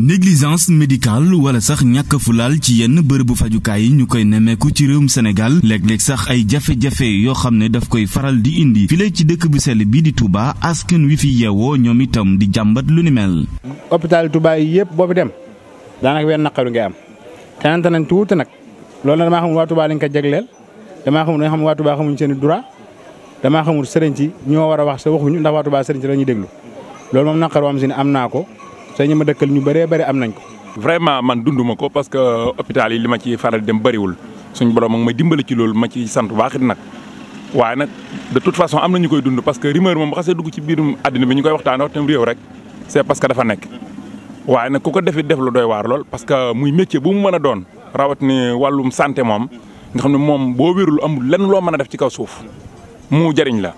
négligence médicale wala sax ñàkk fulaal ci yenn bërëbu fajukaay yi ñu koy nemmeeku ci réewum senegal léeg-léeg sax ay jafe-jafe yoo xam ne daf koy faral di indi file ci dëkk bi sell bii di Touba askan wi fi yeewoo ñoom itam di jàmbat lu ni mel. hôpital Touba yi yëpp boo fi dem daanaka weer naqaru ngay am tenante nañ tuuti nag loolu nag damaa xamul waa Touba lañ ko jagleel damaa xamul dañoo xam waa Touba xamuñ seen i droit damaa xamul sëriñ ci ñoo war a wax sa waxuñu ndax waa Touba sëriñ ci la déglu loolu moom ne am naa ko te ñu ma dëkkal ñu bëree bëri am nañ ko. vraiment man dunduma ko parce que hôpital yi li ma ci faral dem bëriwul suñu borom moom ma dimbali ci loolu ma ci sant baaxit nag waaye nag de toute façon am na ñu koy dund parce que rumeur moom bu xasee dugg ci biirum àddina bi ñu koy waxtaanee waxtaan réew rek c'est parce que dafa nekk. waaye nag ku ko defit def lu doy waar lool parce que muy métier bu mu mën a doon rawatina wàllum sante moom nga xam ne moom boo wérul amul lenn loo mën a def ci kaw suuf mu jariñ la.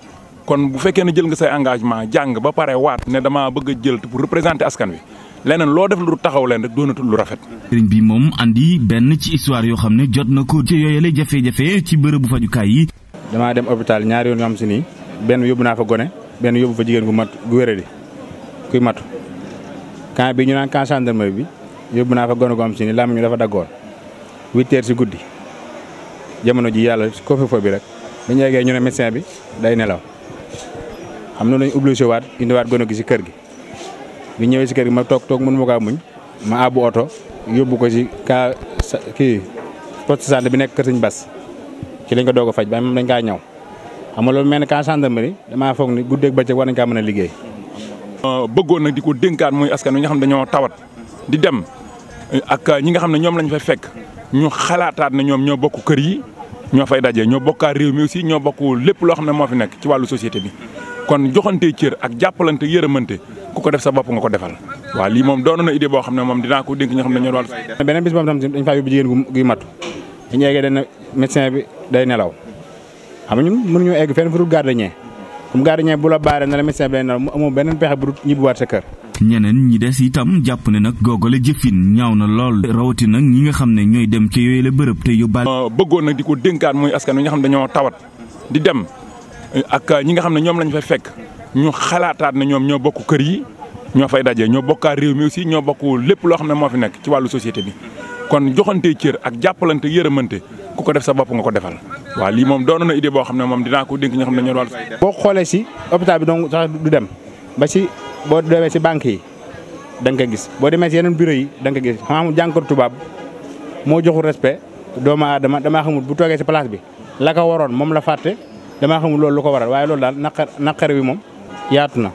kon bu fekkee ne jël nga say engagement jàng ba pare waat ne damaa bëgg a jël pour représenter askan wi leneen loo def lu taxaw leen rek doonatul lu rafet. bii bi moom andi benn ci histoire yoo xam ne jot na ko ci yooyale jafe-jafe ci bërëbu fajukaay yi. damaa dem hôpital ñaari yoon yoo xam si nii benn yóbbu naa fa gone benn yóbbu fa jigéen gu mat gu wéradi kuy matu camp bi ñu naan camp gendarmerie bi yóbbu naa fa gone gu am si nii làmmiñ dafa daggoon huit heures si guddi jamono ji yàlla si couvre bi rek bu ñu ñu ne médecin bi day nelaw. xam na lañ obligé waat indiwaat gone gi si kër gi bi ñëwee si kër gi ma toog toog mënu ma kaa muñ ma àbbu oto yóbbu ko si kaa kii poste santé bi nekk kër sëñ Bas ci lañ ko doog a dañ kaa ñaw xam nga loolu mel ne kaa gendarmerie damaa foog ni guddeeg bëccëg war nañ kaa mën a liggéey. bëggoon nag di ko dénkaat muy askan wi nga xam ne dañoo tawat di dem ak ñi nga xam ne ñoom lañ fay fekk ñu xalaataat ne ñoom ñoo bokk kër yi ñoo fay daje ñoo bokkaat réew mi aussi ñoo bokk lépp loo xam ne moo fi nekk ci wàllu société bi kon joxante cër ak jàppalante yërëmante ku ko def sa bopp nga ko defal waaw lii moom doon na idée boo xam ne moom dina ko dénk ñoo xam ne ñoo bi day nelaw xam nga ñun mënuñu egg fenn fu dul gardien comme gardien bu la baaree na la médecin bi mu beneen pexe bu dul ñibbiwaat sa kër ñeneen ñi des itam jàpp ne ñaaw na lool rawati nag ñi nga xam ne ñooy dem ci yooyu la bërëb te yóbbaale bëggoon nag di ko dénkaat muy askan wi nga xam ne dañoo tawat di dem ak ñi nga xam ne ñoom lañ fay fekk ñu xalaataat ne ñoom ñoo bokk kër yi ñoo fay daje ñoo bokkaa réew mi aussi ñoo bokk lépp loo xam ne moo fi nekk ci wàllu société bi kon joxante cër ak jàppalante yërëmante ku ko def sa bopp nga ko defal waaw lii moom doonoon na idée boo xam ne moom dinaa ko dénk ñoo xam ne ñoo wàllu boo xoolee si hôpital bi donc sax du dem ba si boo demee si banque yi da nga ko gis boo demee si yeneen bureau yi da nga gis xam jànkor tubaab moo joxul respect doomu aadama damaa xamul bu toogee si place bi la ko waroon moom la fàtte damaa xamul loolu lu ko waral waaye loolu daal naqar naqar wi moom yaatu na.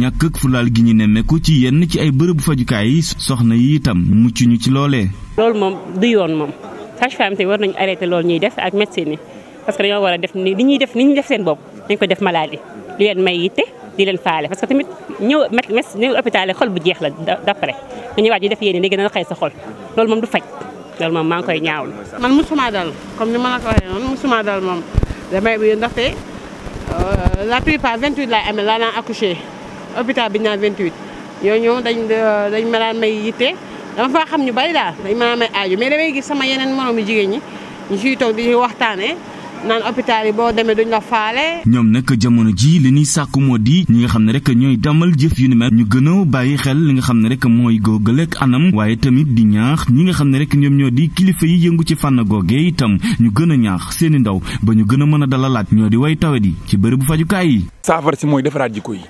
ñàkk fulaal gi ñu nemmeeku ci yenn ci ay bërëbu fajukaay yi soxna yi itam mucc ñu ci loolee. loolu moom du yoon moom sage-femme tamit a def tamit ñëw met xol bu jeex la d'après nga ñëwaat ñu def yéene léegi dana xëy sa xol loolu moom du faj loolu moom maa ngi koy ñaawlu. man musuma dal comme ni ma la ko waxee noonu musuma dal moom. damay bi ndaxte euh, la vingt 28 laay amee laa daan accouché hôpital bi ñu naan 28 ñooñu dañ euh, dañ ma daan may yitte dama faa xam ñu bari daal dañ ma daan may aaju mais damay gis sama yeneen moromu jigéen ñi ñu ciy toog di waxtaanee. naan hôpital yi boo demee duñ la faale. ñoom nag jamono ji li ñuy sàkku moo di ñi nga xam ne rek ñooy damal jëf yu ni mel ñu gën a bàyyi xel li nga xam ne rek mooy góogale ak anam waaye tamit di ñaax ñi nga xam ne rek ñoom ñoo di kilifa yi yëngu ci fànna fànn gee itam ñu gën a ñaax seeni ndaw ba ñu gën a mën a dalalaat ñoo di way tawet yi ci bu fajukaay yi. saafara si mooy defaraat jikko yi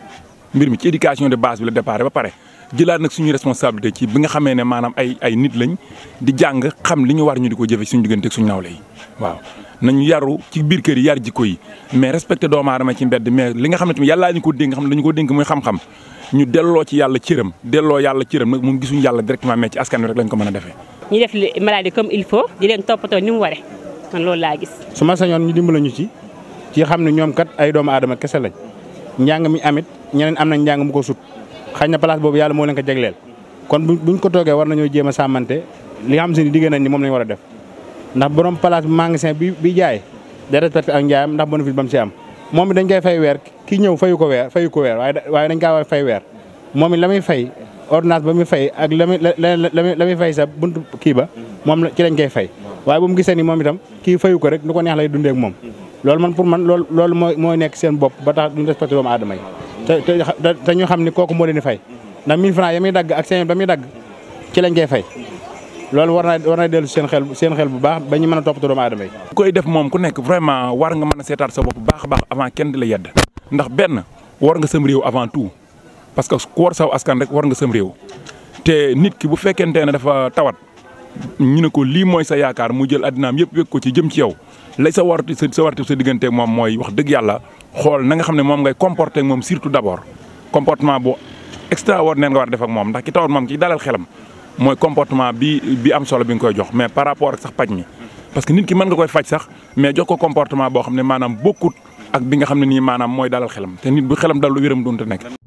mbir mi ci éducation de base bi la départ ba pare jëlaat nag suñu responsabilité ci bi nga xamee ne maanaam ay ay nit lañ di jàng xam li ñu war ñu di ko jëfe suñu diggante suñu nawle yi waaw nañu yaru ci biir kër yi yar jikko yi mais respecté doomu aadama ci mbedd mais li nga xam ne tamit yàllaa ko dénk xam ne ko dénk muy xam-xam ñu delloo ci yàlla cëram delloo yàlla cëram nag moom gisuñu yàlla directement mais ci askan wi rek lañ ko mën a defee ñu def maladie comme il faut di leen toppatoo ni mu ware man loolu laa gis su ma sañoon ñu dimbala ñu ci ci xam ne ñoom kat ay doomu aadama kese lañ njàng mi amit ñeneen am na njàng mu ko sut xañ na place boobu yàlla moo leen ko jegleel kon buñ ko toogee war nañoo jéem a sàmmante li nga xam si ni diggée nañ ni moom lañ war a def ndax borom place bi magasin bi bi jaay day respecté ak njaayam ndax bénéfice ba mu si am moom dañ koy fay weer kii ñëw fayu ko weer fayu ko weer waaye waaye dañ kaa war fay weer moom it la muy fay ordonnance ba muy fay ak la muy la muy fay sa bunt kii ba moom ci lañ koy fay waaye bu mu gisee ni moom itam kii fayu ko rek nu ko neex lay dundee moom loolu man pour man loolu loolu mooy mooy nekk seen bopp ba tax duñ respecté doomu yi te te ñu xam ni kooku moo leen di fay ndax 1000 francs ya muy dagg ak 5000 ba muy dagg ci lañ koy fay loolu war na war dellu seen xel seen xel bu baax ba ñu mën a toppatoo doomu aadama yi. ku koy def moom ku nekk vraiment war nga mën a seetaat sa bopp baax a baax avant kenn di la yedd ndax benn war nga sam réew avant tout parce que ku war saw askan rek war nga sam réew te nit ki bu fekkente ne dafa tawat ñu ne ko lii mooy sa yaakaar mu jël addinaam yëpp wékk ko ci jëm ci yow lay sa wartu sa wartu sa diggante moom mooy wax dëgg yàlla xool na nga xam ne moom ngay comporté moom surtout d' abord comportement bu extraordinaire nga war a def ak moom ndax ki tawat moom ki dalal xelam mooy comportement bi bi am solo bi nga koy jox mais par rapport ak sax paj mi. parce que nit ki mën nga koy faj sax mais jox ko comportement boo xam ne maanaam bokkut ak bi nga xam ne nii maanaam mooy dalal xelam te nit bu xelam dal lu wéram doonte nekk.